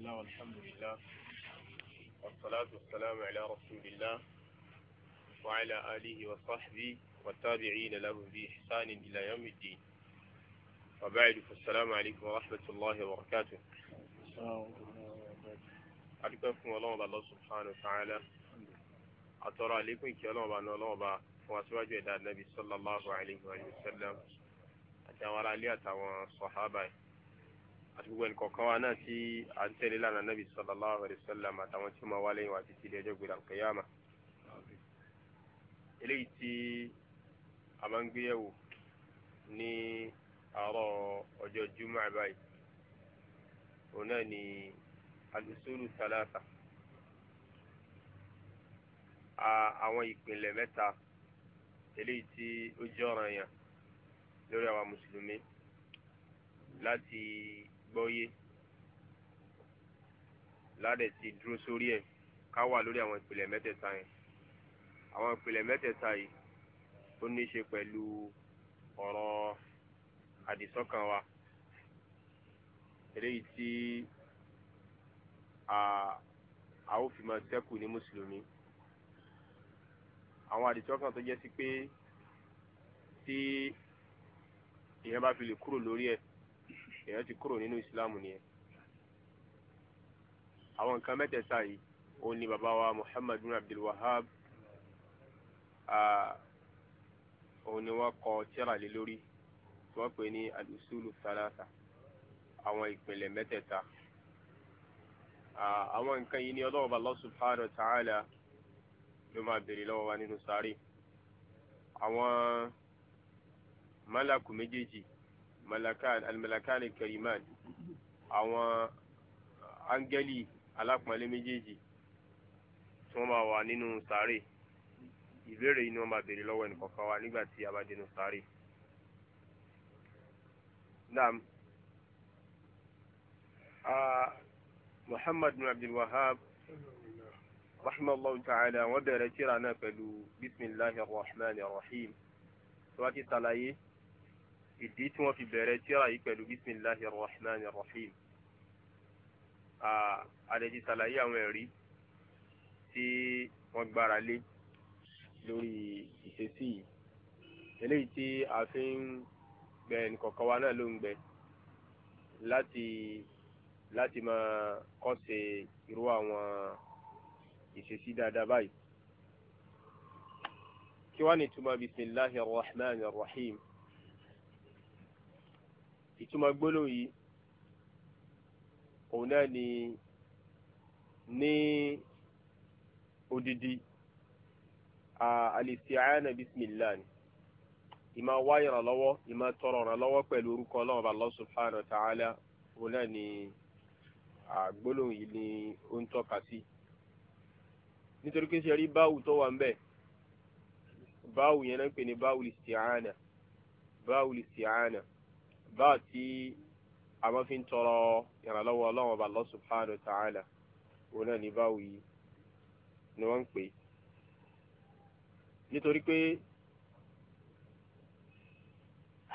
الله والحمد لله والصلاة والسلام على رسول الله وعلى آله وصحبه والتابعين لهم بإحسان إلى يوم الدين وبعد فالسلام عليكم ورحمة الله وبركاته عليكم ورحمة الله سبحانه وتعالى أترى عليكم كلام أن الله وأسواجه إلى النبي صلى الله عليه وسلم أتوارى لي صحابه الصحابة àti gbogbo ẹnìkọ̀ọ̀kan wa náà tí à ń tẹ̀lé lánàá nàbì sallallahu alaihi wasallam àtàwọn tí ó máa wá lẹ́yìn wa títí di ọjọ́ gbèrà kẹyàmà eléyìí tí a máa ń gbé ní àárọ̀ ọjọ́ jumá báyìí òun náà ni alusulu usulu A àwọn ìpìlẹ̀ mẹ́ta eléyìí tí ó jẹ́ ọ̀ranyàn lórí àwa mùsùlùmí láti gbọ́yé ládẹ̀ ti dúró sórí ẹ̀ ká wà lórí àwọn ìpìlẹ̀ mẹ́tẹ̀ẹ̀ta yẹn àwọn ìpìlẹ̀ mẹ́tẹ̀ẹ̀ta yìí ó ní í ṣe pẹ̀lú ọ̀rọ̀ àdìsọ́kàn wa eléyìí tí a ó fi máa ṣẹ́kù ní mùsùlùmí àwọn àdìsọ́kàn tó jẹ́ sí pé tí èèyàn bá fi lè kúrò lórí ẹ̀ èèyàn ti kúrò nínú islam nìyẹn àwọn nǹkan mẹ́tẹ̀ẹ̀ta yìí òun ni bàbá wa muhammad bin abdul wahab òun ni wọ́n kọ tírà lé lórí tí wọ́n pè ní alusulu salasa àwọn ìpìlẹ̀ mẹ́tẹ̀ẹ̀ta àwọn nǹkan yìí ni ọlọ́ọ̀bà Allah subhanahu wa ta'ala ló máa béèrè lọ́wọ́ wa nínú sáré àwọn málàkù méjèèjì malakan almalakan kariman àwọn áńgẹ́lì alápọ̀nlé méjèèjì tí wọ́n máa wà nínú sáré ìbéèrè yìí ni wọ́n máa béèrè lọ́wọ́ ẹnìkọ̀ọ̀kan wa nígbà tí a bá dénú sáré. naam muhammad bin abdul wahab rahimahullah ta'ala wọ́n bẹ̀rẹ̀ tírà náà pẹ̀lú bismillahir rahmanir rahim tí wọ́n ti ṣàlàyé. So, ìdí tí wọ́n fi bẹ̀rẹ̀ tírà yìí pẹ̀lú bisimilahi rahman rahim adẹ́jí ṣàlàyé àwọn ẹ̀rí tí wọ́n gbára lé lórí ìṣesí yìí eléyìí tí a fi ń gbẹ ẹnìkọ̀ọ̀kan wa náà ló ń gbẹ láti láti máa kọ́sẹ̀ irú àwọn ìṣesí dáadáa báyìí kí wá ní túmọ̀ bisimilahi rahman rahim ìtumọ̀ gbólóhùn yìí òun náà ni ní odidi al-isti'ana bismillah ni ìmọ̀ wá ìrànlọ́wọ́ ìmọ̀ tọrọ ìrànlọ́wọ́ pẹ̀lú orúkọ ọlọ́run bá Allah subhanahu wa ta'ala òun náà ni gbólóhùn yìí ni ó ń tọ́ka sí nítorí pé ṣe rí báwù tó wà ń bẹ̀ báwù yẹn náà ń pè ní báwù al-isti'ana báwù al-isti'ana báà tí a máa fi ń tọrọ ìrànlọ́wọ́ ọlọ́run ọba Allah subhanahu wa ta'ala òun náà ní báwo yìí ni wọ́n ń pè é nítorí pé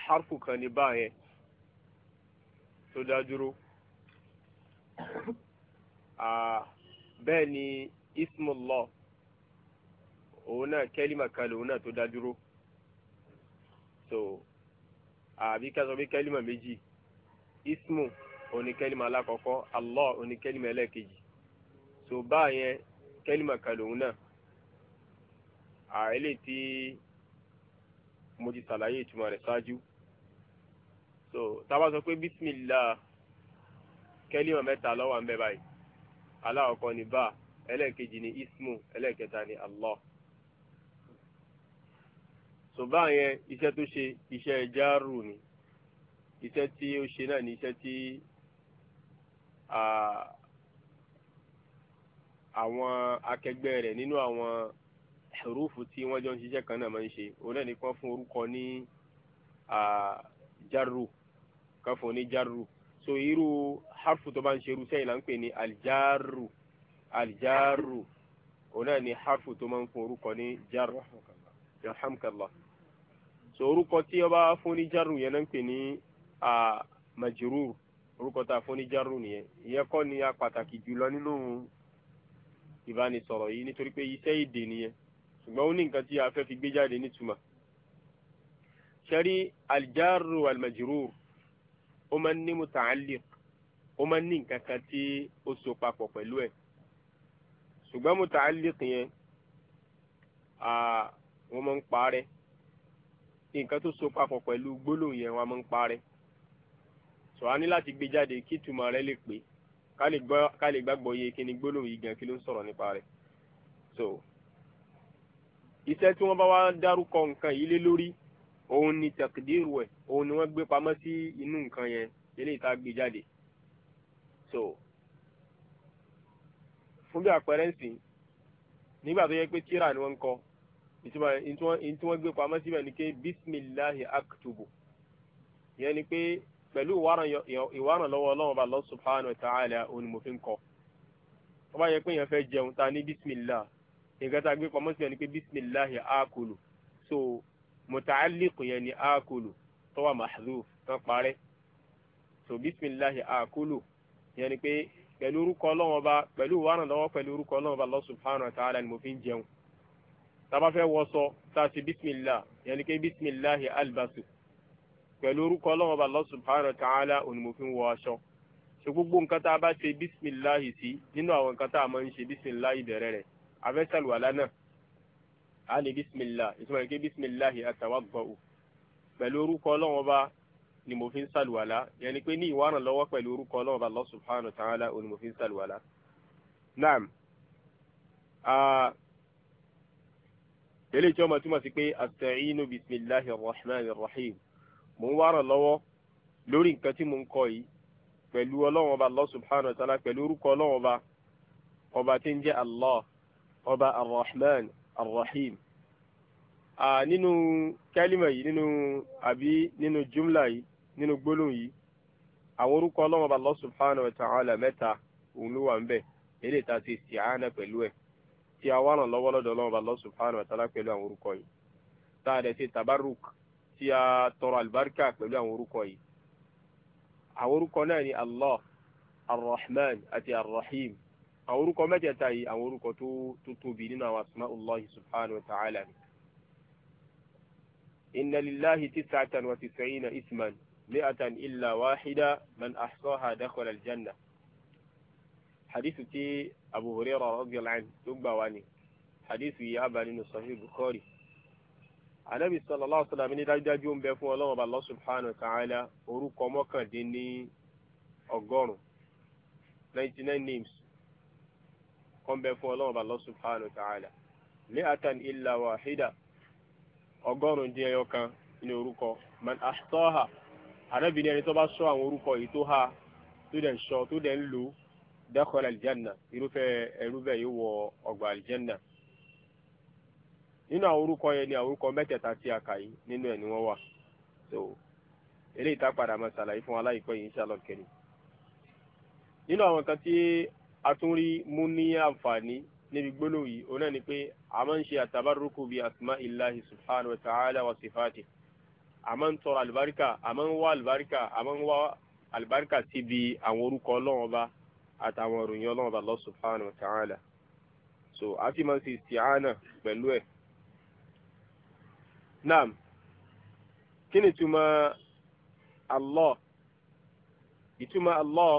harfu kan ní báà yẹn tó dá dúró bẹ́ẹ̀ ni ismullah òun náà kan lòun náà tó dá so àbí ká sọ pé kẹ́límà méjì ismu oníkẹ́límà alákọ̀ọ́kọ́ allah oníkẹ́límà ẹlẹ́ẹ̀kejì so báyẹn kẹ́límà kan lòun náà àìlè tí mo ti ṣàlàyé ìtumọ̀ rẹ̀ ṣáájú so tábà sọ pé bismillah kẹ́límà mẹ́ta ló wà ń bẹ báyìí alákọ̀ọ́kọ́ ni bá ẹlẹ́ẹ̀kejì ni ismu ẹlẹ́ẹ̀kẹta ni allah sọba yẹn iṣẹ́ tó ṣe iṣẹ́ járù ni iṣẹ́ tí ó ṣe náà ni iṣẹ́ tí àwọn akẹgbẹ́ rẹ̀ nínú àwọn hurufu tí wọ́n jọ ń ṣiṣẹ́ kan náà máa ń ṣe òun náà nìkan fún orúkọ ní járù kan fún ní járù so irú harfu tó bá ń ṣe irú sẹ́yìn là ń pè ní aljaru aljaru òun náà ni harfu tó máa ń fún orúkọ ní járù so orúkọ tí ó bá jaru yẹn náà ń pè ní majurur orúkọ tá a fún jaru nìyẹn ìyẹn kọ́ ni a pàtàkì jùlọ nínú ìbánisọ̀rọ̀ yìí nítorí pé iṣẹ́ èdè nìyẹn ṣùgbọ́n ó ní nǹkan tí a fẹ́ fi gbé jáde nítumọ̀ ṣẹ́rí aljaru almajurur ó máa ń ní mutaalliq ó máa ń ní nǹkan kan tí ó so papọ̀ pẹ̀lú ẹ̀ ṣùgbọ́n mutaalliq yẹn wọ́n máa ń parẹ́ nǹkan tó so papọ̀ pẹ̀lú gbólóhùn yẹn wọn máa ń parẹ́ sọ a ní láti gbé jáde kí ìtumọ̀ rẹ̀ lè pé ká lè gbàgbọ́ yé kí ni gbólóhùn yìí gan kí ló ń sọ̀rọ̀ nípa rẹ̀ so iṣẹ́ tí wọ́n bá wá dárúkọ nǹkan yìí lé lórí òun ni tẹ̀kídìrú ẹ̀ òun ni wọ́n gbé pamọ́ sí inú nǹkan yẹn eléyìí tá a gbé jáde so fún bí àpẹẹrẹ ń sìn nígbà tó yẹ pé tíra ni wọ́n ń kọ ìtumọ̀ ìtí wọ́n gbé pamọ́ síbẹ̀ ni pé bisimilahi aktubu ìyẹn ni pé pẹ̀lú ìwárànlọ́wọ́ ọlọ́run bá lọ subhanahu wa ta'ala òun mo fi ń kọ́ wọ́n bá yẹ pé èèyàn fẹ́ jẹun ta ní bisimilah nǹkan tá a gbé pamọ́ síbẹ̀ ni pé bisimilahi akulu so mutaalliq yẹn ni akulu tó wà mahzuf tán parẹ́ so bisimilahi akulu ìyẹn ni pé pẹ̀lú orúkọ ọlọ́run bá pẹ̀lú ìwárànlọ́wọ́ pẹ̀lú orúkọ ọlọ́run bá lọ subhanahu wa ta'ala ni jẹun tába fẹ́ wọṣọ tá a ṣe bisimilah yẹn ni pé bisimilahi albasu pẹ̀lú orúkọ ọlọ́run bá Allah subhanahu wa ta'ala onímọ̀fin wọ aṣọ ṣe gbogbo nǹkan tá a bá ṣe bisimilahi sí nínú àwọn nǹkan tá a máa ń ṣe bisimilahi bẹ̀rẹ̀ rẹ̀ afẹ́sàlùwàlá náà a ní bisimilah ìtumọ̀ yẹn pé bisimilahi atawagbọ̀ọ́ pẹ̀lú orúkọ ọlọ́run ọba ni mo fi ń sàlùwàlá yẹn ni pé ní ìwárán lọ́wọ́ pẹ̀lú orúkọ ọlọ́run ọba Allah subhanahu wa ta'ala onímọ̀fin Uh, ah, eléyìí tí wọ́n máa túmọ̀ sí pé àtẹ̀yìnú bisimilahi rahman rahim mò ń wá ràn lọ́wọ́ lórí nǹkan tí mò ń kọ yìí pẹ̀lú ọlọ́run ọba allah subhanahu wa ta'ala pẹ̀lú orúkọ ọlọ́run ọba ọba tí ń jẹ́ allah ọba arrahman arrahim nínú kẹ́límà yìí nínú àbí nínú jumla yìí nínú gbólóhùn yìí àwọn orúkọ ọlọ́run ọba allah subhanahu wa ta'ala mẹ́ta òun ló wà ń bẹ̀ eléyìí tá a ti ṣìyàánà pẹ̀lú ẹ̀ tí a wá ràn lọ́wọ́ lọ́dọ̀ Ọlọ́run bá Allah subhanahu wa ta'ala pẹ̀lú àwọn orúkọ yìí tá a dẹ̀ ṣe tabaruk tí a tọrọ alibarika pẹ̀lú àwọn orúkọ yìí àwọn orúkọ náà ni Allah arrahman àti arrahim àwọn orúkọ mẹ́tẹ̀ẹ̀ta yìí àwọn orúkọ tó tó tóbi nínú àwọn asma'ullahi subhanahu wa ta'ala ni. inna lillahi tis'atan wa tis'ina isman mi'atan illa wahida man ahsaha hadithu tí abu hurairah radiyallahu anhu tó gbà wá ni hadithu yìí á bá nínú sahih bukhari anabi sallallahu alaihi wa sallam ní dájúdájú ń bẹ fún ọlọ́run Allah subhanahu wa ta'ala orúkọ mọ́kàndínní ọgọ́rùn-ún ninety nine names kan bẹ fún ọlọ́run Allah subhanahu wa ta'ala mi'atan illa wahida ọgọ́rùn-ún dín ẹyọ kan ní orúkọ man ahsaha anabi ní ẹni tó bá sọ àwọn orúkọ yìí tó ha tó dẹ̀ ń sọ tó dẹ̀ ń lò ó dakhala aljanna irúfẹ́ ẹrú bẹ́ẹ̀ yóò wọ ọgbà aljanna nínú àwọn orúkọ yẹn ni àwọn orúkọ mẹ́tẹ̀ẹ̀ta tí a kà yìí nínú ẹ̀ ni wọ́n wà so eléyìí tá padà máa ṣàlàyé fún wa láìpẹ́ yìí inshallah kẹrin nínú àwọn kan tí a tún rí mú ní àǹfààní níbi gbólóhùn yìí òun náà ni pé a máa ń ṣe àtàbárúkú bíi asma ilahi subhanahu wa ta'ala wa sifati a máa ń tọrọ àlùbáríkà a máa ń wá àlùbáríkà a máa ń wá àlùbáríkà síbi àwọn orúkọ ọlọ́run ọba àtàwọn ìròyìn ọlọ́run bá Allah subhanahu wa ta'ala so a fi máa ń ṣe isti'ana pẹ̀lú ẹ̀ naam kí ni ìtumọ̀ Allah ìtumọ̀ Allah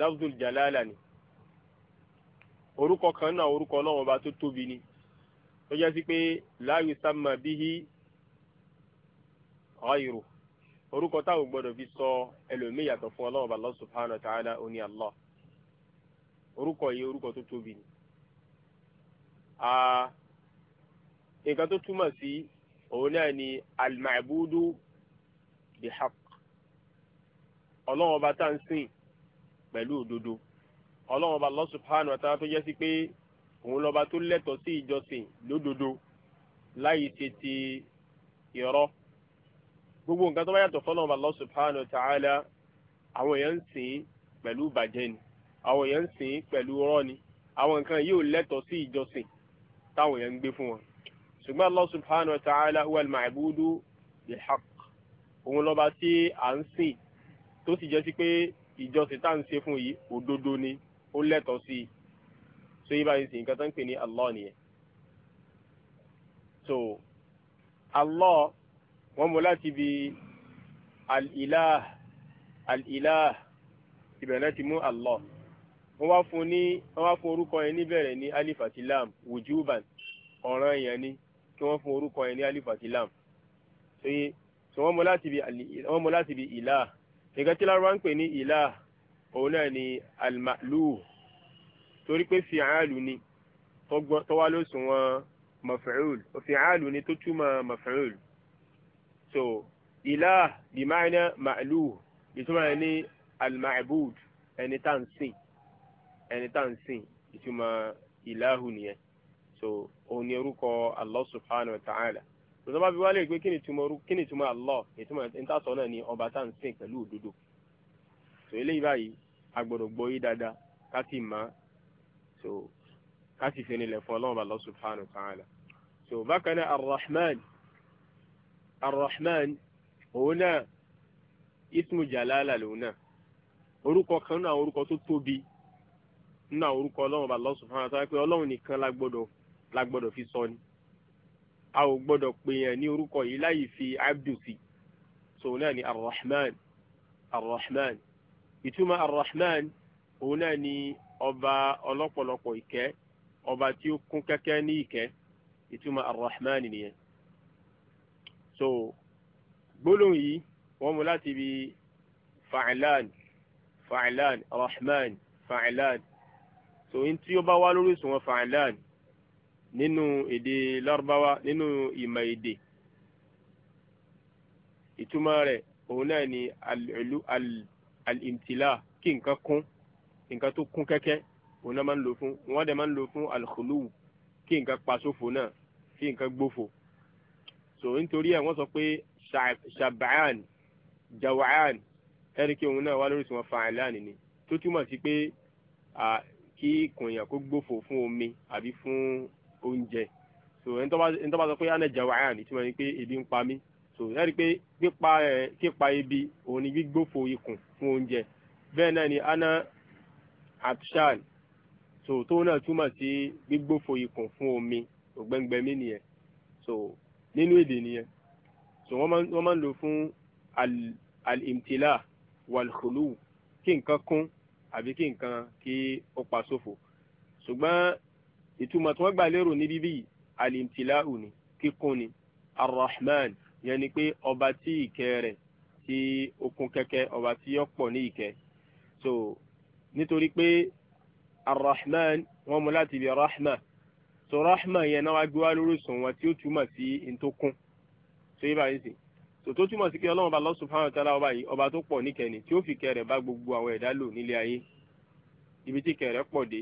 lafzul jalala ni orúkọ kan náà orúkọ ọlọ́run ọba tó tóbi ni tó jẹ́ sí pé la yusamma bihi ghayruhu orúkọ táwọn gbọ́dọ̀ fi sọ ẹlòmíì yàtọ̀ fún Ọlọ́run bá Allah subhanahu wa ta'ala ó ní Allah orúkọ yìí orúkọ tó tóbi ni nǹkan tó túmọ̀ sí òun náà ni al-ma'budu bihaq Ọlọ́run ọba tá à ń sìn pẹ̀lú òdodo Ọlọ́run ọba subhanahu wa ta'ala tó jẹ́ sí pé òun lọ́ba tó lẹ́tọ̀ọ́ sí ìjọsìn lódodo láì ṣe ti gbogbo nǹkan tó bá yàtọ̀ fọlọ́run Allah subhanahu wa ta'ala àwọn èèyàn ń sìn pẹ̀lú bàjẹ́ ni àwọn èèyàn ń sìn pẹ̀lú rọ́ ni àwọn nǹkan yìí ò lẹ́tọ̀ọ́ sí ìjọsìn táwọn èèyàn ń gbé fún wọn ṣùgbọ́n Allah subhanahu wa ta'ala huwa al-ma'budu bil-haqq òun lọ́ba tí à ń sìn tó sì jẹ́ sí pé ìjọsìn tá à ń ṣe fún yìí òdodo ni ó lẹ́tọ̀ọ́ sí i so yìí báyìí sìn nǹkan tó ń pè ní Allah nìyẹn so Allah wọ́n mú láti bi al-ilah al-ilah ibẹ̀ náà ti mú allah wọ́n wá fún ní wọ́n wá fún orúkọ yẹn níbẹ̀rẹ̀ ní alif àti lam wujuban ọ̀ràn yẹn ni kí wọ́n fún orúkọ yẹn ní alif àti lam ṣeye tí láti bi wọ́n mú láti bi ilah nǹkan tí lárúbá ń pè ní ilah òun náà ni al torí pé fi'alu ni tó wá lóṣùwọ̀n maf'ul fi'alu ni tó túmọ̀ maf'ul so ilah bí máyínà màálù ìtumọ̀ rẹ̀ ní al-ma'bud ẹni tá à sìn ẹni tá à sìn ìtumọ̀ ìlàhù nìyẹn so òun ni orúkọ allah subhanahu wa ta'ala tòtò bá fi wálé pé kí ni ìtumọ̀ allah ìtumọ̀ níta sọ náà ni ọba tá à sìn pẹ̀lú òdodo so eléyìí báyìí a gbọ́dọ̀ gbọ́ yí dáadáa ká sì so ká sì fi nílẹ̀ fún ọlọ́run allah subhanahu wa ta'ala so bákan náà arrahman. الرحمن òun اسم جلاله jalala lòun náà orúkọ kan náà orúkọ tó tóbi nínú àwọn orúkọ ọlọ́run bá Allah subhanahu wa ta'ala pé ọlọ́run nìkan la gbọ́dọ̀ la gbọ́dọ̀ fi sọ ni a ò gbọ́dọ̀ pè yàn ní orúkọ yìí láyì fi abdu sí sòun náà ni arrahman arrahman ìtumọ̀ arrahman òun náà ni ọba ọlọ́pọ̀lọpọ̀ ìkẹ́ ọba tí ó kún kẹ́kẹ́ ní ìkẹ́ ìtumọ̀ arrahman nìyẹn so gbólóhùn yìí wọ́n mú láti ibi fa'ilan fa'ilan rahman fa'ilan so n tí ó bá wá lórí ìsùnwọ̀n fa'ilan nínú èdè lárúbáwá nínú ìmọ̀ èdè ìtumọ̀ rẹ̀ òun náà ni al-imtila kí nǹkan kún nǹkan tó kún kẹ́kẹ́ òun náà máa ń lò fún wọ́n dẹ̀ máa ń lò fún al kí nǹkan pa ṣòfò náà kí nǹkan gbófò so nítorí ẹ̀ wọ́n sọ pé shaban jawan ẹni kí òun náà wá lórí tiwọn fàáìlánì ni tó túmọ̀ sí pé kí kòyàn kó gbófò fún omi àbí fún oúnjẹ so ẹni tó bá sọ pé ana jawan ìtumọ̀ ni pé ebi ń pa mí so ẹni pé pípa ẹ kípa ebi òun ni gbígbófò ikùn fún oúnjẹ bẹ́ẹ̀ náà ni ana abshan so tó náà túmọ̀ sí gbígbófò ikùn fún omi ògbẹ́ngbẹ́mí nìyẹn so nínú èdè nìyẹn so wọ́n máa ń lò fún al-imtila wal-khulu kí nǹkan kún àbí kí nǹkan kí ó pa ṣòfò ṣùgbọ́n ìtumọ̀ tí wọ́n gbà lérò ní bíbí al-imtila ni kíkún ni ar-rahman yẹn ni pé ọba tí ìkẹ́ rẹ̀ tí ó kún kẹ́kẹ́ ọba tí ó pọ̀ ní ìkẹ́ so nítorí pé ar-rahman wọ́n mú láti ibi rahma so rahma yẹn náà wá gbé wá lórí sùn wọn tí ó túmọ̀ sí ntòkun so yíba yìí sì so tó túmọ̀ sí pé ọlọ́run ọba Allah subhanahu wa ta'ala ọba yìí ọba tó pọ̀ níkẹni tí ó fi kẹrẹ̀ bá gbogbo àwọn ẹ̀dá lò nílé ayé ibi tí kẹrẹ̀ pọ̀ dé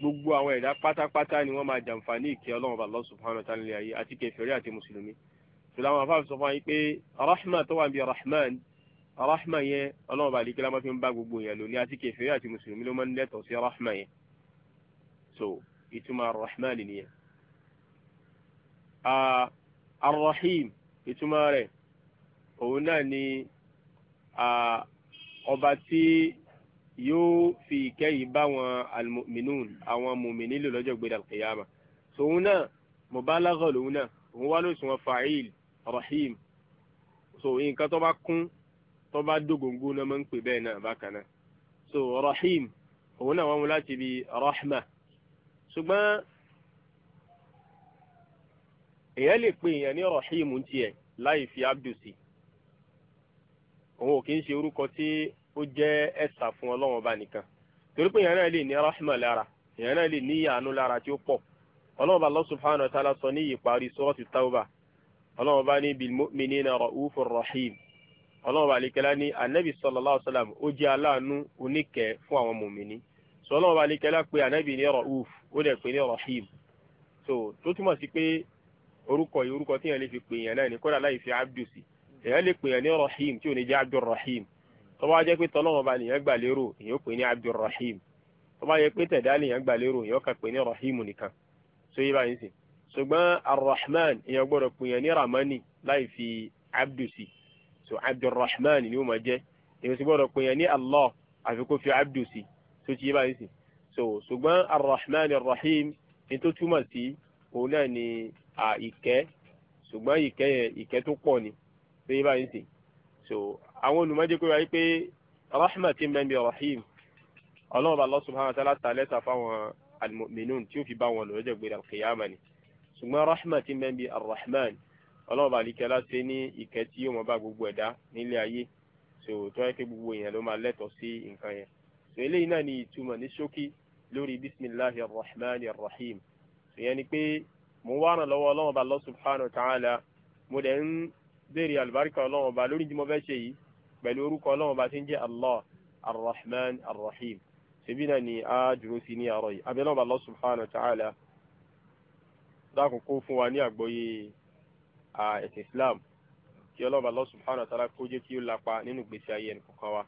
gbogbo àwọn ẹ̀dá pátápátá ni wọ́n máa jàǹfààní ìkẹ́ ọlọ́run ọba Allah subhanahu wa ta'ala nílé ayé àti kèfèrí àti mùsùlùmí sùlámù afáàfin sọ fún wa yìí pé rahma tó wà bíi rahman rahma yẹn ọlọ́run bá dikẹ́ lámà fi ń bá gbogbo yẹn lò ní àti kèfèrí àti mùsùlùmí ló máa ń lẹ́tọ̀ọ́ sí rahma yẹn so ìtumọ̀ arrahman nìyẹn arrahim ìtumọ̀ rẹ̀ òun náà ni ọba tí yóò fi ìkẹ́ yìí bá wọn almu'minun àwọn mùmìnì lò lọ́jọ́ gbé dàlùkìyàmà tòun náà mubalagha lòun náà òun wá lóṣù wọn fa'il rahim so nǹkan tó bá kún tó bá dógóńgó náà máa ń pè bẹ́ẹ̀ náà bákan náà so rahim òun náà wọ́n mú láti bi rahma ṣùgbọ́n èèyàn lè pe èèyàn ní rahimu tiẹ̀ láì fi abdu sí òun ò kì í ṣe orúkọ tí ó jẹ́ ẹ̀sà fún ọlọ́run ọba nìkan torí pé èèyàn náà lè ní rahma lára èèyàn náà lè ní ìyànú lára tí ó pọ̀ ọlọ́run ọba Allah subhanahu wa ta'ala sọ ní ìparí suratu tawba ọlọ́run ọba ní bil mu'minina ra'ufur rahim ọlọ́run ọba àlekẹ́lá ní anabi sallallahu alaihi ó jẹ́ aláàánú oníkẹ́ fún àwọn mùmíní sọ ọlọ́run ọba àlekẹ́lá pé anabi ní ra'uf ó dẹ̀ pé ní rahim so tó túmọ̀ sí pé orúkọ yìí orúkọ tíyẹn lè fi pè yàn náà ní kódà láì fi abdu sí èèyàn lè pè yàn ní rahim tí ò ní jẹ́ abdulrahim tó bá jẹ́ pé tọ́lọ́wọ́n ba nìyẹn gbà lérò èèyàn pè ní abdulrahim tó bá jẹ́ pé tẹ̀dá nìyẹn gbà lérò èèyàn kà pè ní rahim nìkan so yí báyìí sìn ṣùgbọ́n arrahman èèyàn gbọ́dọ̀ pè yàn ní ramani láì fi abdu sí so abdulrahman ni ó máa jẹ́ èèyàn sì gbọ́dọ̀ pè yàn ní allah àfi fi abdu sí so ti yí báyìí sìn so ṣùgbọ́n arrahman arrahim ní tó túmọ̀ sí òun náà ni ìkẹ́ ṣùgbọ́n ìkẹ́ yẹn ìkẹ́ tó pọ̀ ni ṣé yí báyìí sìn so àwọn olùmọ̀jẹ́ pé wáyé pé rahmat ti mẹ́bi rahim ọlọ́run bá Allah subhanahu wa ta'ala ta lẹ́sà fáwọn almu'minun tí ó fi bá wọn lọ lọ́jọ́ gbéra kìyàmà ni ṣùgbọ́n rahmat ti mẹ́bi arrahman ọlọ́run bá alikẹ́lá ṣe ní ìkẹ́ tí yóò mọ bá gbogbo ẹ̀dá nílé ayé so tó yẹ kí gbogbo èèyàn ló máa lẹ́tọ̀ọ́ sí nǹkan yẹn so eléyìí náà ni ìtumọ̀ ní ṣókí lórí bisimilahi rahman rahim ìyẹn ni pé mo wá ràn lọ́wọ́ ọlọ́run ọba Allah subhanahu wa ta'ala mo dẹ̀ ń béèrè àlùbáríkà ọlọ́run ọba lórí tí mo fẹ́ ṣe yìí pẹ̀lú orúkọ ọlọ́run ọba tí ń jẹ́ allah arrahman arrahim ṣebí náà ni a dúró sí ní àárọ̀ yìí abẹ́lẹ́ ọba Allah subhanahu wa ta'ala fún wa ní àgbọ́yé ẹ̀sìn islam kí ọlọ́run ọba Allah subhanahu wa kó jẹ́ kí ó lapa nínú ìgbésí ayé ẹnì kọ̀ọ̀kan wa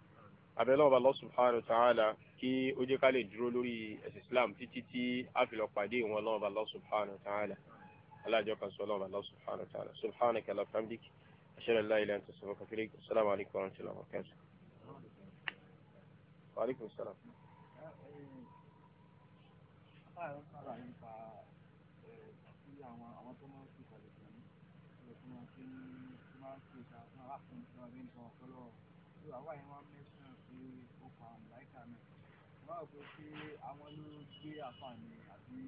abẹ́lẹ́ ọba Allah subhanahu wa kí ó jẹ́ ká lè dúró lórí ẹ̀sìn islam títí tí a fi lọ pàdé ìwọ̀n ọlọ́run bá Allah subhanahu wa ta'ala alájọ kan sọ ọlọ́run bá Allah subhanahu wa ta'ala subhanaka allahumma wa bihamdika ashhadu an la ilaha illa anta alaykum wa rahmatullahi wa barakatuh. wa alaykum gbàgbọ́ pé àwọn ló gbé àǹfààní àbí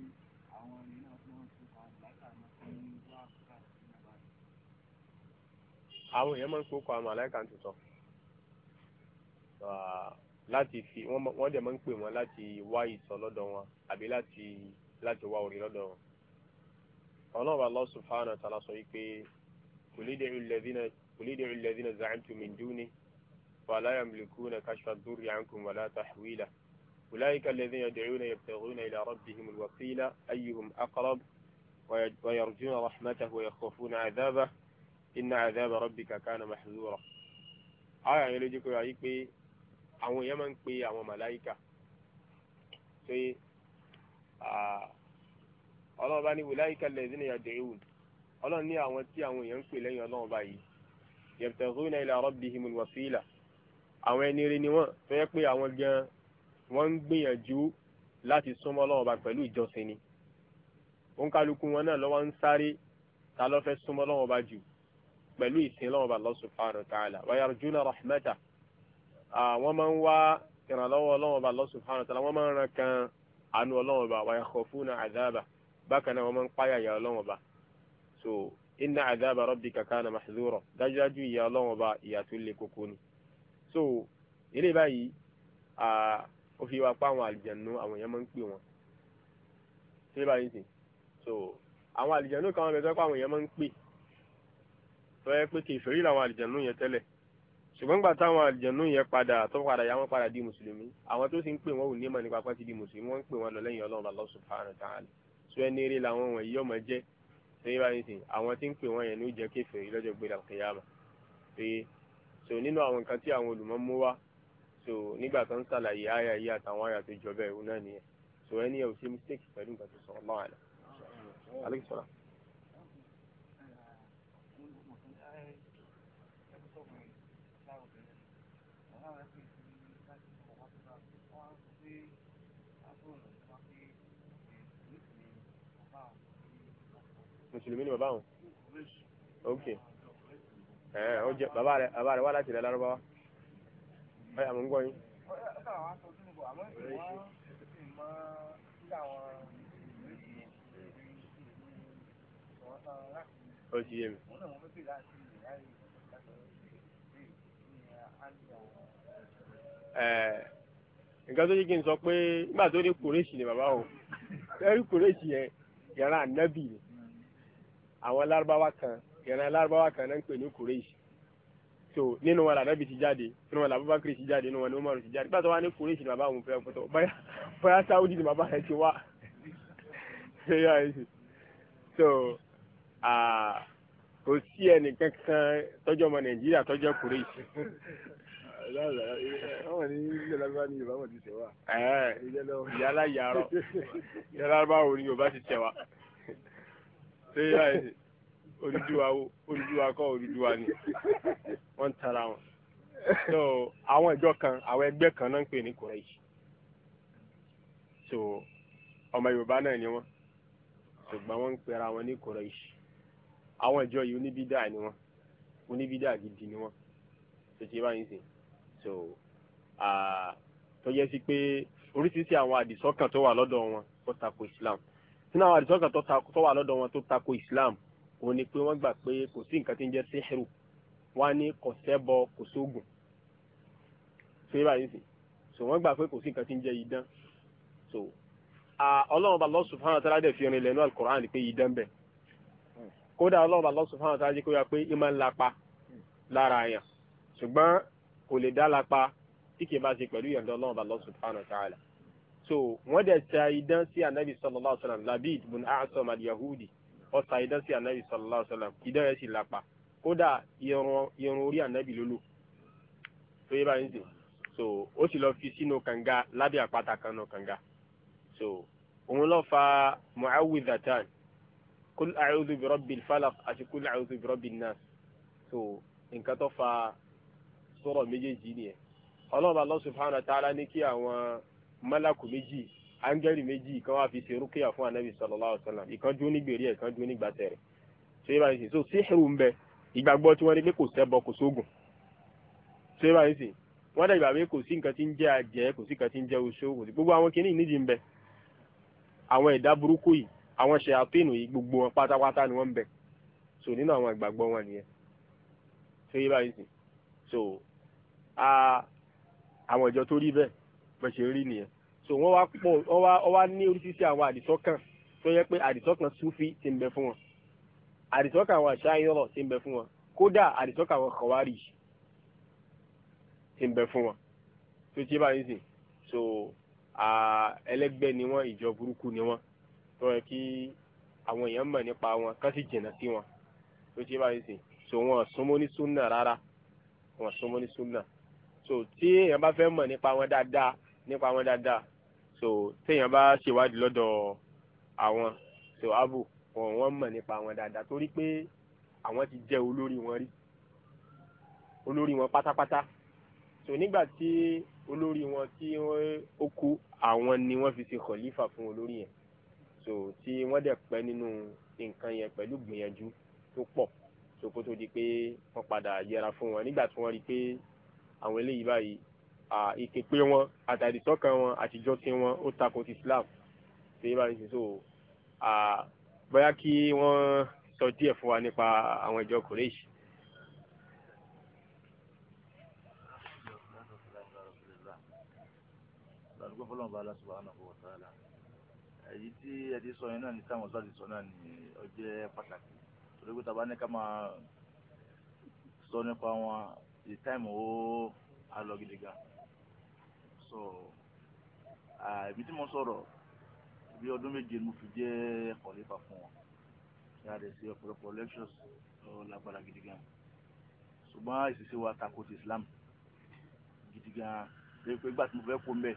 àwọn ènìyàn tí wọ́n ti pa àgbàkà náà fún wá àkókò àti ìjọba rẹ̀. àwọn èèyàn máa ń kókò àwọn àláìka ń tutọ láti fi wọ́n dẹ̀ máa ń pè wọ́n láti wá ìsọ lọ́dọ̀ wọn àbí láti láti wá orí lọ́dọ̀ wọn. ọlọ́run Allah subhanahu wa ta'ala sọ wípé qul ud'u alladhina qul ud'u alladhina za'amtum min duni wala yamlikuna kashfa ad-durri ankum wala tahwila. أولئك الذين يدعون يبتغون إلى ربهم الوسيلة أيهم أقرب ويرجون رحمته ويخافون عذابه إن عذاب ربك كان محذورا آية yẹn ló jẹ́ kó yà yí pé àwọn èèyàn máa ń pe àwọn màláìkà pé ọlọ́ọ̀bá ní wùláìkà lẹ́sìn yad'un ọlọ́ọ̀ ní àwọn tí àwọn èèyàn ń pè lẹ́yìn ọlọ́ọ̀bá yìí yabtaghuna ila rabbihimul wasila àwọn ẹni rí ni wọ́n tó yẹ pé àwọn gan-an wọ́n ń gbìyànjú láti súnmọ́ Ọlọ́run Ọba pẹ̀lú ìjọsìn ni òǹkàlùkù wọn náà lọ́wọ́ ń sáré ta ló fẹ́ súnmọ́ Ọlọ́run Ọba jù pẹ̀lú ìsìn Ọlọ́run Ọba Allah subhanahu wa ta'ala wa rahmata wọ́n máa ń wá ìrànlọ́wọ́ Ọlọ́run Ọba Allah subhanahu wọ́n máa ń ran kan àánú Ọlọ́run Ọba wa yakhafuna adhaba bákan náà wọ́n máa ń páyà ìyà Ọlọ́run so inna adhaba rabbika kana mahzura dájúdájú ìyà Ọlọ́run Ọba ìyà tó le ni so ilé báyìí ó fi wá pa àwọn àlìjẹ̀nu àwọn èèyàn máa ń pè wọ́n ṣé báyìí sì so àwọn àlìjẹ̀nu kan bẹ̀ tó pa àwọn èèyàn máa ń pè tó yẹ pé kèfèrí làwọn àlìjẹ̀nu yẹn tẹ́lẹ̀ ṣùgbọ́n gbà táwọn àlìjẹ̀nu yẹn padà tó padà yà wọ́n padà di mùsùlùmí àwọn tó sì ń pè wọ́n ò ní mọ̀ nípa pàtí di mùsùlùmí wọ́n ń pè wọ́n lọ lẹ́yìn ọlọ́run Allah subhanahu wa ta'ala so ẹni eré làwọn wọ̀nyí yóò máa jẹ́ ṣé báyìí sì àwọn tí ń pè wọ́n yẹn ló jẹ́ kèfèrí lọ́jọ́ gbé làkèyàmà pé so nínú àwọn nǹkan tí àwọn olùmọ̀ mú wá so nígbà tó ń ṣàlàyé àyà yìí àtàwọn àyà tó jọ bẹ́ẹ̀ òun náà nìyẹn so ẹni ẹ ò ṣe mistake pẹ̀lú nǹkan tó sọ ọlọ́run àlẹ́ aleyhi mùsùlùmí ni bàbá wọn ok ẹ ọ jẹ bàbá rẹ bàbá rẹ wà láti ilẹ̀ lárúbáwá. ẹ àmọ́ ń gbọ́ yín. ó ti yé mi. nǹkan tó yẹ kí n sọ pé nígbà tó kùrẹ́sì ni bàbá o ẹ̀rí kùrẹ́sì yẹn yàrá ànábì ni àwọn lárúbáwá kan yàrá lárúbáwá kan náà ń pè ní kùrẹ́sì. so nínú wọn làbẹ́bí ti jáde nínú wọn làbúbákiri ti jáde nínú wọn ni Umaru ti jáde pàtó wa ní kùnrin ìṣìn bàbá òun fẹ́ pọ̀tọ̀ bóyá sáwùdí ni bàbá rẹ̀ ti wá so kò sí ẹnìkan kan tọ́jú ọmọ Nàìjíríà tọ́jú kùnrin ìṣìn. àwọn ní ilé lábẹ́ ní Yorùbá wọn ti tẹ̀ wá. ìyálà yàrá yàrá báwo ni Yorùbá ti tẹ̀ wá. Odùduwà wo Odùduwà kọ́ Odùduwà ni wọ́n ń tara wọn so àwọn ìjọ kan àwọn ẹgbẹ́ kan náà ń pè ní Kùrẹ́ṣì so ọmọ Yorùbá náà ni wọ́n ṣùgbọ́n wọ́n ń pera wọn ní Kùrẹ́ṣì àwọn ìjọ yìí oníbídà ni wọ́n oníbídà gidi ni wọ́n tó ti báyìí sìn so tó yẹ sí pé oríṣiríṣi àwọn àdìsọ́kàn tó wà lọ́dọ̀ wọn tó tako Islam sínú àwọn àdìsọ́kàn tó wà lọ́dọ̀ wọn tó tako Islam òun ni pé wọ́n gbà pé kò sí nǹkan tí ń jẹ́ síhìrù wọ́n á ní kò sẹ́bọ kò sóògùn ṣé báyìí sì so wọ́n gbà pé kò sí nǹkan tí ń jẹ́ idán so ọlọ́run bá Allah subhanahu wa ta'ala dẹ̀ fi orin lẹ́nu alukoran ni pé idán bẹ̀ kódà ọlọ́run bá Allah subhanahu wa ta'ala jẹ́ kó yà pé ìmọ̀ ńlá lapa, lára àyàn ṣùgbọ́n kò lè dá lápá tí kìí bá ṣe pẹ̀lú ìyọ̀ǹda ọlọ́run Allah subhanahu wa ta'ala so wọ́n dẹ̀ ta idán sí anabi sallallahu labid bin a'sam al-yahudi ọ̀sà idán sí ànábì sallallahu alaihi wasallam idán rẹ̀ sì lápá kódà irun orí ànábì lólo tó yé báyìí nìyí so ó sì lọ fi sínú kànga lábẹ́ àpáta kan náà kànga so òun lọ fa mu'awwidhatan kul a'udhu bi rabbil falaq àti kul a'udhu bi rabbin nas so nǹkan tó fa sọ̀rọ̀ méjèèjì nìyẹn ọlọ́ọ̀bà Allah subhanahu wa ta'ala ní kí àwọn málàkù méjì áńgẹ́lì méjì kan wá fi ṣe rúkìá fún anabi sallallahu alaihi wasallam ìkan ni ní gbèrè ìkan dúró ní gbàtẹ rẹ ṣé ibà yìí so síhìrù ń bẹ ìgbàgbọ́ tí wọ́n ní pé kò sẹ́bọ kò sóògùn ṣé ibà yìí sì wọ́n dẹ̀ ìgbàgbé kò sí nǹkan tí ń jẹ́ àjẹ́ kò sí nǹkan tí ń jẹ́ oṣó kò sí gbogbo àwọn kìnnìún nídìí ń àwọn ẹ̀dá burúkú yìí àwọn ṣe àpínù yìí gbogbo wọn pátápátá ni wọ́n ń bẹ so nínú àwọn ìgbàgbọ́ wọn nìyẹn ṣé yé báyìí sìn so àwọn ìjọ tó rí bẹ́ẹ̀ bẹ́ẹ̀ ṣe rí nìyẹn so wọ́n wá pọ̀ wọ́n wá wọ́n wá ní oríṣiríṣi àwọn àdìsọ́kàn tó yẹ pé àdìsọ́kàn sufi ti ń bẹ fún wọn àdìsọ́kàn àwọn àṣàyọrọ̀ ti ń bẹ fún wọn kódà àdìsọ́kàn àwọn kọ̀wárì ti ń bẹ fún wọn tó ti bá yín sìn so ẹlẹ́gbẹ́ ni wọ́n ìjọ burúkú ni wọ́n tó yẹ kí àwọn èèyàn mọ̀ nípa wọn kán sì jìnnà sí wọn tó ti bá yín sìn so wọn súnmọ́ ní súnà rárá wọn súnmọ́ ní súnà so tí èèyàn bá fẹ́ mọ̀ nípa wọn dáadáa nípa wọn dáadáa so téèyàn bá ṣèwádìí lọ́dọ̀ àwọn so abu wọn wọn mọ̀ nípa wọn dáadáa torí pé àwọn ti jẹ́ olórí wọn rí olórí wọn pátápátá so nígbà tí olórí wọn tí ó kú àwọn ni wọ́n fi ṣe kọ̀lífà fún olórí yẹn so tí wọ́n dẹ̀ pẹ́ nínú nǹkan yẹn pẹ̀lú gbìyànjú tó pọ̀ so kó tó di pé wọ́n padà yẹra fún wọn nígbà tí wọ́n rí pé àwọn eléyìí báyìí ìkèpé wọn àtàdìsọ́kàn wọn àtijọ́ tí wọn ó takò ti Islam ṣe é bá ní sísò bóyá kí wọ́n sọ díẹ̀ fún wa nípa àwọn ìjọ Quraysh. èyí tí ẹ ti sọ yẹn náà ní táwọn ọ̀sán ti sọ náà ní ọjọ́ pàtàkì torí pé tàbá ní ká máa sọ nípa wọn the time ó alọ gidi gan so ibi tí mo sọ̀rọ̀ bí ọdún méje mo fi jẹ́ ẹ̀kọ́ lépa fún wọn ṣe àdé sí ọ̀pọ̀lọpọ̀ lectures tó lágbára gidi gan ṣùgbọ́n ìṣiṣẹ́ wa tako ti Islam gidi gan pé pé gbà tí mo fẹ́ kó ń bẹ̀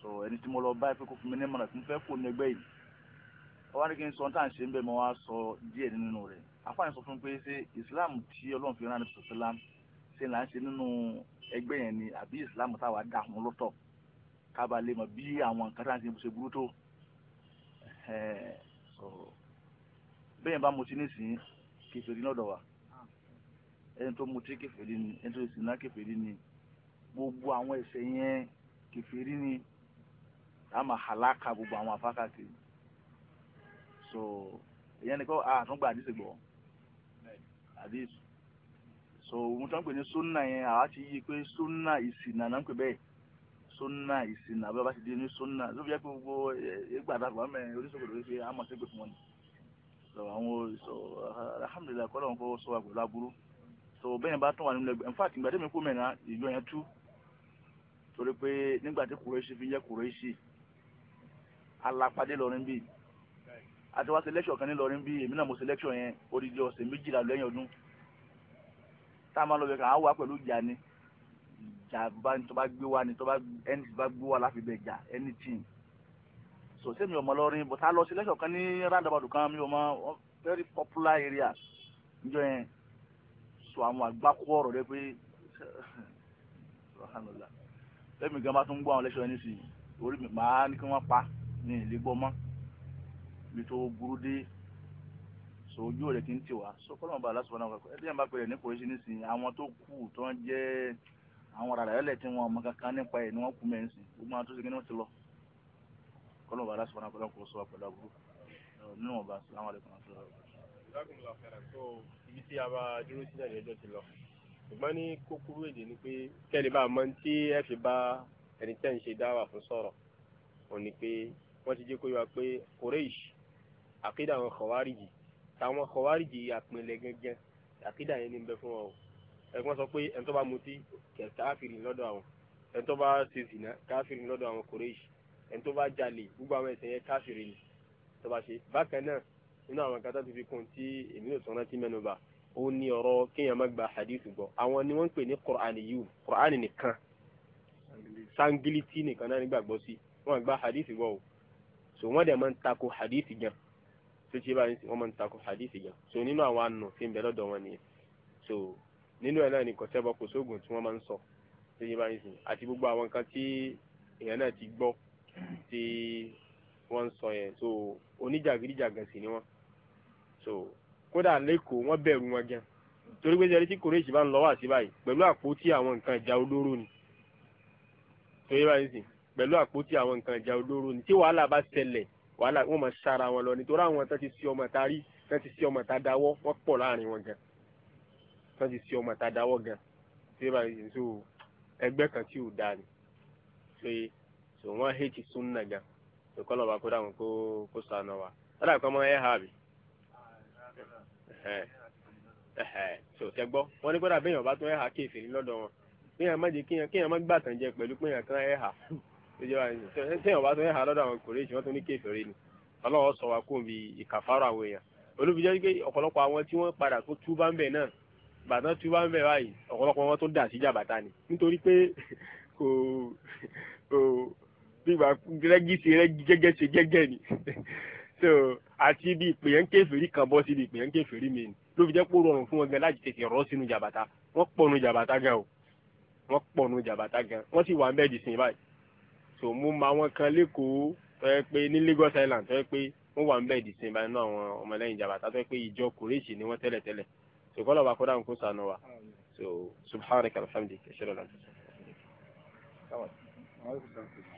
so ẹni tí mo lọ bá pé kó fún mi ní ìmọ̀ràn tí mo fẹ́ kó ní ẹgbẹ́ yìí ọwọ́ ní kí n sọ tá à ń ṣe ń bẹ̀ mo wá sọ díẹ̀ nínú rẹ̀ afáàní sọ fún mi pé ṣé Islam tí Ọlọ́run fi rán ní sọ̀tẹ́lá ṣe là ń ṣe nínú ẹgbẹ́ yẹn ni àbí islam táwa dà fún lọ́tọ̀ kábàá lè mọ̀ bí àwọn nǹkan tá à ń ṣe burú tó bẹ́ẹ̀ bá mutí nísìnyí kèfèrí lọ́dọ̀ wa ẹni tó mutí kèfèrí ni ẹni tó sìnà kèfèrí ni gbogbo àwọn ẹ̀ṣẹ̀ yẹn kèfèrí ni a máa halaka gbogbo àwọn afáka so ìyẹn ni kò àtúngbà àdìsí gbọ́ àdìsí so ohun tó ń pè ní sunna yẹn àwa ti yí pé sunna ìsìnà náà ń pè bẹ́ẹ̀ sunna ìsìnà bí wọ́n bá ti di ní sunna ló fi jẹ́ pé gbogbo eh, ìgbà tá a oníṣòwò ló fi àmọ̀ sí pé fún wọn ni so àwọn so alhamdulilayi kọ́ lóun kọ́ sọ wa pẹ̀lú so bẹ́ẹ̀ bá tún wà nínú ẹgbẹ́ in fact ìgbà tẹ́mi kú mẹ́rin ìjọ yẹn tú torí pé nígbà tí kùrẹ́sì fi jẹ́ kùrẹ́sì alápàdé lọ́rin bíi àti wá selection kan ní lọ́rin bíi èmi náà mo selection yẹn odidi ọ̀sẹ̀ méjìlá lẹ́yìn ọdún tá a máa lọ bẹ kà á wà pẹ̀lú ìjà ni ìjà bá ní tó bá gbé wá ni tó bá ẹni tó bá gbé wá láfi bẹ jà anything so sẹ́mi ọmọ lọ rí bó ta lọ sí lẹ́sọ̀ kan ní roundabout kan mi ọmọ very popular area njọ yẹn so àwọn àgbákò ọ̀rọ̀ rẹ pé lẹ́mi gan bá tún gbọ́ àwọn lẹ́sọ̀ ẹni sí orí mi màá ní kí wọ́n pa ní ìlẹ́gbọ́mọ́ mi tó burú dé so ojú rẹ̀ ti ń tiwa so kọ́lọ́mù bá aláṣọ náà kọ́kọ́ ẹ̀dẹ́yìn bá pẹ̀lẹ́ ní kòrèṣì nísìnyí àwọn tó kù tó ń jẹ́ àwọn rárá ẹlẹ́ tí wọn ọmọ kankan nípa ẹ̀ ni wọ́n kú mẹ́rin sìn gbogbo àwọn tó ṣe kí ni wọ́n ti lọ kọ́lọ́mù bá aláṣọ náà kọ́lọ́mù kò sọ wà pẹ̀lú àbúrò nínú ọba sàlámù alẹ́ kan sọ̀rọ̀. ìdákùnrin làfẹ́ràn tó ni pé kẹ́lẹ́ bá òní pé wọ́n ti jẹ́ kó yọ pé Quraysh àkídà àwọn Khawarij táwọn kọ̀wárìjì àpilẹ̀ gẹ́gẹ́ àkídà yẹn ní bẹ fún wọn o ẹ̀gbọ́n sọ pé ẹni tó bá mutí káfíìrì lọ́dọ̀ àwọn ẹni tó bá ṣe zìnà káfíìrì lọ́dọ̀ àwọn kòrèjì ẹni tó bá jalè gbogbo àwọn ẹ̀ṣẹ̀ yẹn káfíìrì ni tó bá ṣe bákan náà nínú àwọn kan tó fi kún tí èmi ò sọ̀rọ̀ tí mẹ́nu bà ó ní ọ̀rọ̀ kéèyàn má gba hadith gbọ́ àwọn ni wọ́n ń pè ní qur'an yìí qur'an nìkan sangiliti nìkan náà nígbàgbọ́ sí wọ́n gba hadith gbọ́ o so wọ́n dẹ̀ máa ń tako hadith gan tó ṣe báyìí wọ́n máa ń takò hadith yẹn so nínú àwọn àna tí ń bẹ lọ́dọ̀ wọn nìyẹn so nínú ẹ̀ náà ni kò sẹ́bọ̀ kò sóògùn tí wọ́n máa ń sọ tó ṣe báyìí sìn àti gbogbo àwọn kan tí èèyàn náà ti gbọ́ tí wọ́n ń sọ yẹn so oníjàgídíjàgàn sì ni wọ́n so kódà lẹ́kọ̀ọ́ wọ́n bẹ̀rù wọn gan torí pé sẹ́ni tí kòrèjì bá ń lọ́wọ́ àti báyìí pẹ̀lú àpótí àwọn nǹkan ìjà olóró ni tó yẹ báyìí sìn pẹ̀lú àpótí àwọn nǹkan ìjà olóró ni tí wàhálà bá ṣẹlẹ̀ wàhálà wọn máa ṣara wọn lọ nítorí àwọn tó ti sí ọmọ tá rí tó ti sí ọmọ tá dáwọ́ wọ́n pọ̀ láàrin wọn gan tó ti sí ọmọ tá dáwọ́ gan ṣé báyìí so ẹgbẹ́ kan tí ò dáa ni pé so wọ́n hẹ́ẹ̀tì súnà gan so kọ́lọ̀ bá kó dáhùn kó kó sànà wa lọ́dà kan mọ́ ẹ̀ hà bì so tẹ gbọ́ wọ́n ní kódà béèyàn bá tún ẹ̀ hà kéèfé lọ́dọ̀ wọn béèyàn má jẹ́ kéèyàn kéèyàn má gbàtàn jẹ pẹ̀lú péèyàn kan ẹ̀ hà ìjọba tẹ̀yìn ọba tó ń hàn lọ́dọ̀ àwọn kòrèjì wọ́n tó ní kéfèrè ni ọlọ́wọ́ sọ wa kó bi ìkàfàrọ̀ àwọn èèyàn olùbíjọ́ pé ọ̀pọ̀lọpọ̀ àwọn tí wọ́n padà tó túbá ń bẹ̀ náà bàtà túbá ń bẹ̀ báyìí ọ̀pọ̀lọpọ̀ wọn tó dà síjà bàtà ni nítorí pé kò kò bíbá rẹ́gí sí rẹ́gí gẹ́gẹ́ sí gẹ́gẹ́ ni so àti ibi ìpèyàn kéfèrè kan bọ́ sí ibi ìpèyàn kéfèrè mi ni ló fi jẹ́ kó rọrùn fún wọn gan láti tètè rọ́ sínú jàbàtà wọ́n pọ̀nù jàbàtà gan o wọ́n pọ̀nù jàbàtà gan wọ́n sì wà ń bẹ́ẹ̀ dì sí báyìí so mo mọ àwọn kan lẹ́kọ̀ọ́ tó yẹ pé ní Lagos Island tó yẹ pé wọ́n wà ń bẹ̀ dìsín báyìí nínú àwọn ọmọlẹ́yìn Jabata tó yẹ pé ìjọ kùrẹ́ṣì ni wọ́n tẹ́lẹ̀ tẹ́lẹ̀ so kọ́ lọ́ba kó dáhùn kó sànù wa so subhanaka alhamdulilayi ṣẹlẹ̀ lọ́dún.